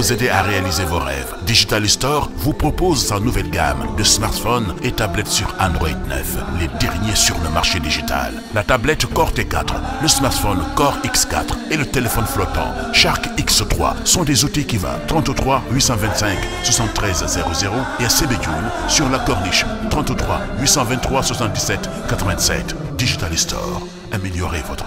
vous aider à réaliser vos rêves. Digital Store vous propose sa nouvelle gamme de smartphones et tablettes sur Android 9, les derniers sur le marché digital. La tablette Core T4, le smartphone Core x et le téléphone flottant Shark x sont des outils qui va et à sur la Corniche Digital Store, améliorez votre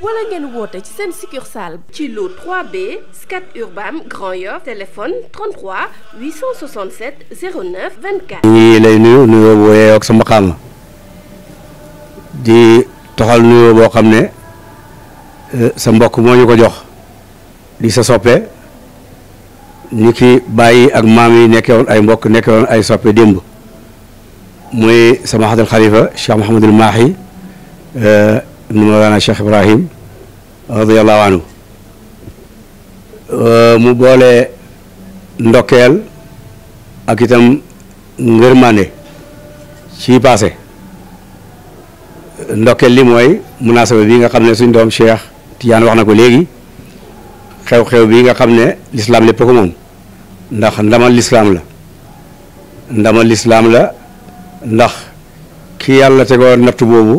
wala ngeen woote ci seen succursale ci lu 3B Scat Urbam Grand Yoff téléphone 33 lay nuyu nuyoo bu yeeyoo ak sama xaal di toxal nuyoo boo xam ne eh, sa mbokk moo ñu ko jox di sa soppe ni bàyyi ak maam yi nekkee woon ay mbokk nekkee ay soppe démb muy sama xadal xalifa Cheikh Mouhamadul Mahi. Eh, ibnu mawlana Cheikh Ibrahim radiallahu anhu mu boole ndokkeel ak itam ngërmande ci passé ndokkeel li mooy munaasaba bi nga xam ne suñ doom Cheikh Tidiane wax na ko léegi xew-xew bi nga xam ne lislaam lépp ko moom ndax ndamal lislaam la ndamal lislaam la ndax ki yàlla tegoo nattu boobu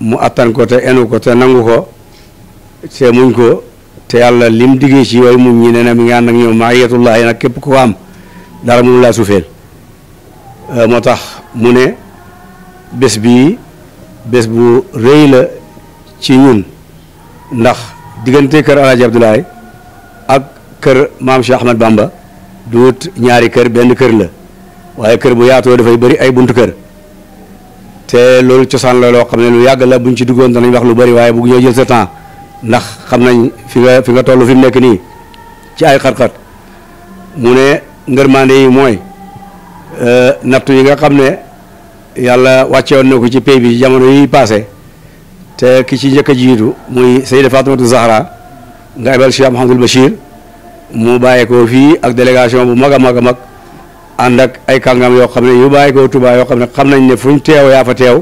mu attan ko te enu ko te nangu ko te muñ ko te yàlla lim diggee ci yooyu muñ ñi ne ne mi ngi ànd ak ñoom maayatullahi nag képp ko am dara mënu laa suufeel euh, moo tax mu ne bés bi bés bu rëy la ci ñun ndax diggante kër alaaji Abdoulaye ak kër maam Cheikh Ahmad Bamba duut ñaari kër benn kër la waaye kër bu yaatoo dafay bëri ay buntu kër te loolu cosaan la loo xam ne lu yàgg la buñ ci duggoon danañ wax lu bari waaye bu ñoo jël sa ndax xam nañ fi nga fi nga toll fi mu nekk nii ci ay xat-xat mu ne ngërmande yi mooy euh, nattu yi nga xam ne yàlla wàcce woon na ko ci pays bi jamono yi passé te ki ci njëkk jiitu muy Sayida Fatimatu Zahra nga ebal Cheikh Mouhamadul Bachir mu bàyyeekoo fii ak délégation bu mag a mag a mag ànd ak ay kàngam yoo xam ne yu bàyyi koo tubaa yoo xam ne xam nañ ne fu ñu teew yaa fa teew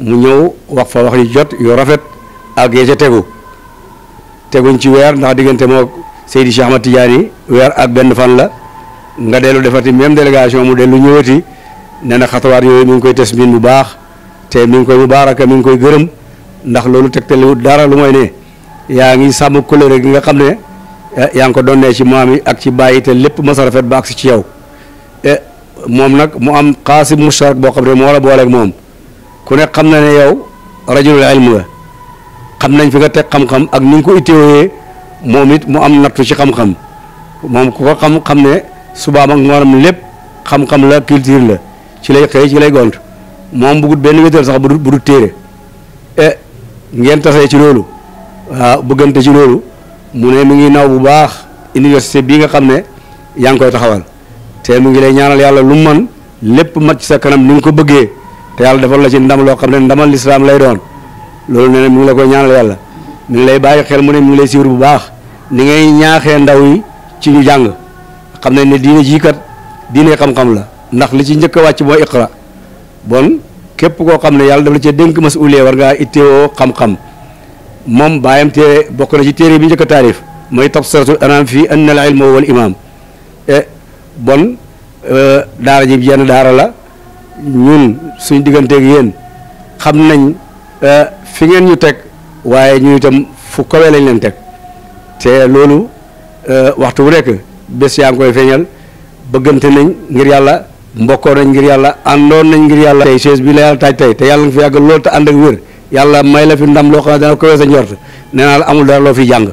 mu ñëw wax fa wax yu jot yu rafet ak yee ca tegu teguñ ci weer ndax diggante moo Seydi Cheikh Ahmad Tidiane weer benn fan la nga dellu defati même délégation mu dellu ñëwati nee na xatawaat yooyu mi ngi koy tes miin bu baax te mi ngi koy mubaaraka mi ngi koy gërëm ndax loolu te tegtaliwut dara lu mooy ne yaa ngi sàmm couleur gi nga xam ne eh, yaa ngi ko doon ne ci maam yi ak ci bàyyi te lépp masa rafet ba ak si ci yow E, moom nag mu am xaasib mushtarak boo xam ne moo la booleeg moom ku ne xam na ne yow rajulul ilm nga xam nañ fi nga teg xam-xam ak ni nga ko itteewee moom it mu am nattu ci xam-xam moom ku ko xam xam ne subaam ak ngoonam lépp xam-xam la culture la ci lay xëy ci lay gont moom bugut benn wétal sax bu du téere e ngeen tasee ci loolu waaw bëggante ci loolu mu ne mu ngi naw bu baax université bii nga xam ne yaa ngi koy taxawal te mu ngi lay ñaanal yàlla lu man lépp mat ci sa kanam ni nga ko bëggee te yàlla defal la ci ndam loo xam ne ndamal lislaam lay doon loolu nee mu ngi la koy ñaanal yàlla mu ngi lay bàyyi xel mu ne mu ngi lay siiwur bu baax ni ngay ñaaxee ndaw yi ci ñu jàng xam nañ ne diine jii kat diine xam-xam la ndax li ci njëkk a wàcc mooy iqra bon képp koo xam ne yàlla daf la ca dénk masuuliya war ngaa itteewoo xam-xam moom bàyyam téere bokk na ci téere bi njëkk a taarif mooy tabsaratul anam fii anna bon euh, daara ji yenn daara la ñun suñ digganteeg yéen xam nañ euh, fi ngeen ñu teg waaye ñu itam fu kawee lañ leen teg te loolu euh, waxtu bu nekk bés yaa ngi koy feeñal bëggante nañ ngir yàlla mbokkoo nañ ngir yàlla àndoon nañ ngir yàlla tey chaise bi la yàlla taaj tey te yàlla nga fi yàgg lool te ànd ak wér yàlla may la fi ndam loo xam ne dana ko sa a njort nee naa la amul dara loo fi jàng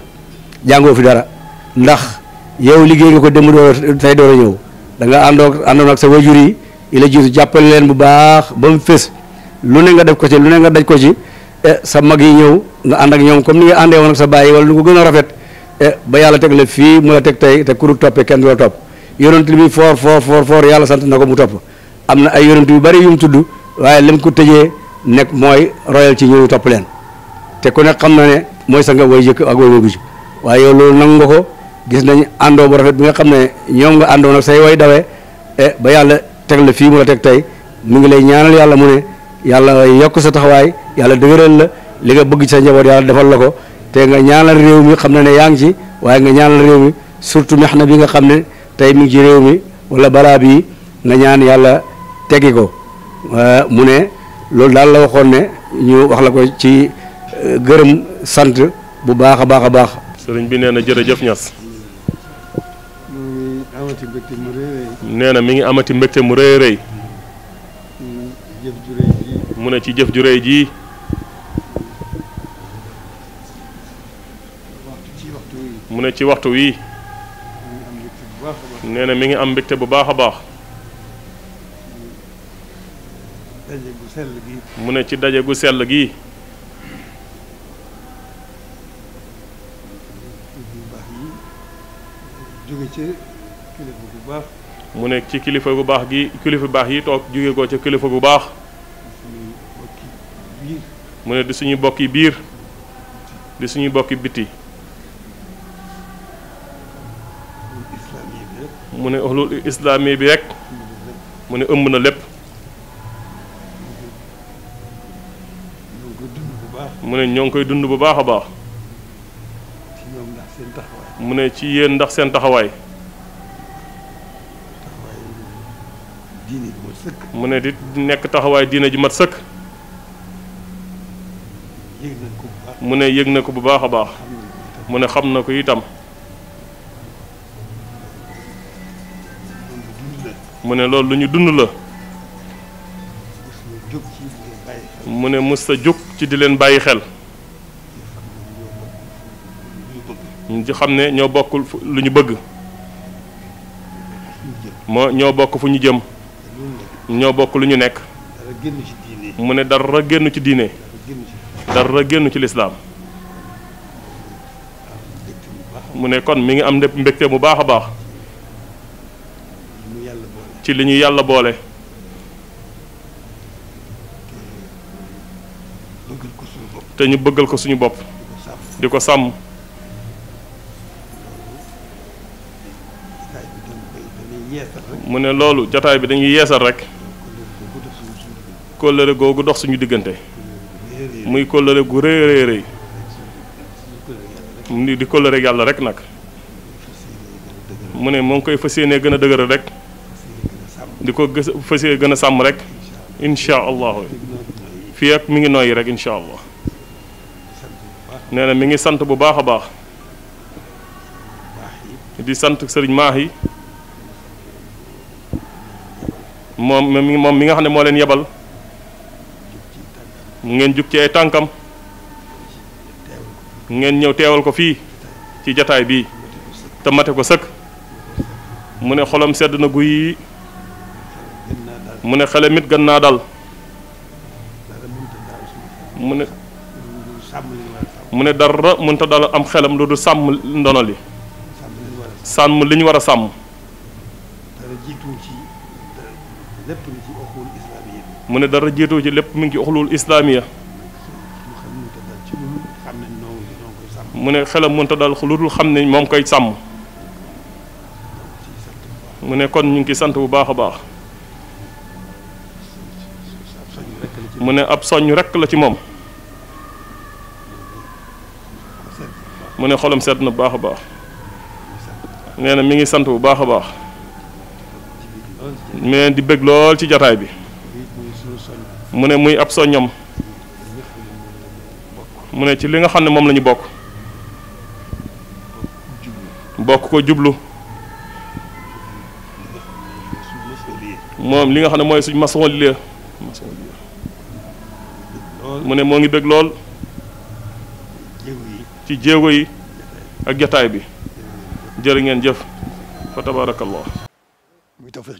jàngoo fi dara ndax yow liggéey nga ko démb door tey door a ñëw da nga àndoog àndoon ak sa wajur yi la jiitu jàppale leen bu baax ba mu fés lu ne nga def ko ci lu nga daj ko ci e, sa mag yi ñëw nga ànd ak ñoom comme ni nga àndee woon ak sa bàyyi wala lu ko gën a rafet e, ba yàlla teg la fii mu la teg tey te ku du toppee kenn du la topp yonent li muy foor foor foor yàlla sant na ko mu topp am na ay yonent yu bari yu mu tudd waaye lim ko tëjee nekk mooy royal ci ñëw topp leen te ku ne xam na ne mooy sa nga way jëkk ak way mujj waaye gis nañ àndoo bu rafet bi nga xam ne ñoom nga àndoon ak say way dawee eh, ba yàlla teg la fii mu la teg tey mu ngi lay ñaanal yàlla mu ne yàlla yokk sa taxawaay yàlla dëgëral la li nga bëgg sa njaboot yàlla defal la ko te nga ñaanal réew mi xam na ne yaa ngi ci waaye nga ñaanal réew mi surtout ñax na bi nga xam ne tey mi ngi ci réew mi wala balaa bii nga ñaan yàlla teggi ko eh, mu ne loolu daal la waxoon ne ñu wax la ko ci eh, gërëm sant bu baax a baax a baax. sëriñ bi na jërëjëf Niass. amati mbégte na mi ngi amati mbégte mu rëy rëy. Mm, mu ne ci jëf ju rëy ji. mu ne ci waxtu wii. nee na mi ngi am mbégte bu baax a baax. mu ne ci daje gu sell gi. mu nekk ci kilifa bu baax gi kilifa baax yi toog jóge ko ca kilifa bu baax mu ne di suñu bokki biir di suñu bokki biti mu ne axlul islaami bi rek mu ne ëmb na lépp mu ne ñoo ngi koy dund bu baax a baax mu ne ci yéen ndax seen taxawaay diine mu ne di nekk taxawaay diine ju mat sëkk. mu ne yëg na ko bu baax a baax. mu ne xam na ko itam. mu ne loolu lu ñu dund la. mu ne mës sa jóg ci di leen bàyyi xel. ñu xam ne ñoo bokkul lu ñu bëgg. moo ñoo bokk fu ñu jëm. ñoo bokk lu ñu nekk. mu ne dara génn ci diine. dara génn ci lislaam mu ne kon mi ngi am ndépp mbégte bu baax a baax. ci li ñu yàlla boole. te ñu bëggal ko suñu bopp. di ko sàmm. mu ne loolu jataay bi dañuy yeesal rekk kóllëre googu dox suñu diggante muy kóllëre gu rëy rëy di kóllëre yàlla rek nag mu ne moo ngi koy fas yéenee gën a dëgëral rek di ko gës fas gën a sàmm rek incha allahu fii ak mi ngi nooyi rek incha allah nee na mi ngi sant bu baax a baax di sant sëriñ maax yi moom moom mi nga xam ne moo leen yebal mu ngeen jug ci ay tànkam ngeen ñëw teewal ko fii ci jataay bii te mate ko sëkk mu ne xolam sedd na guy mu ne xelam it gën naa dal mu ne mu ne dara mënta dal am xelam lu du sàmm ndono li sàmm li ñu war a sàmm mu ne dara jiitu ci lépp mu ngi ci uxlul islaamiya mu ne xelam mënta dal lu dul xam ne moom koy sàmm mu ne kon ñu ngi sant bu baax a baax mu ne ab soññ rekk la ci moom mu ne xolam sedd na baax a baax nee na mi ngi sant bu baax a baax mu di bëgg lool ci jataay bi mu ne muy ab soññam mu ne ci li nga xam ne moom la bokk bokk ko jublu moom li nga xam ne mooy suñ maçon li mu ne moo ngi bëgg lool ci jéego yi ak jataay bi jërë ngeen jëf fa tabarakallah muy tawfeex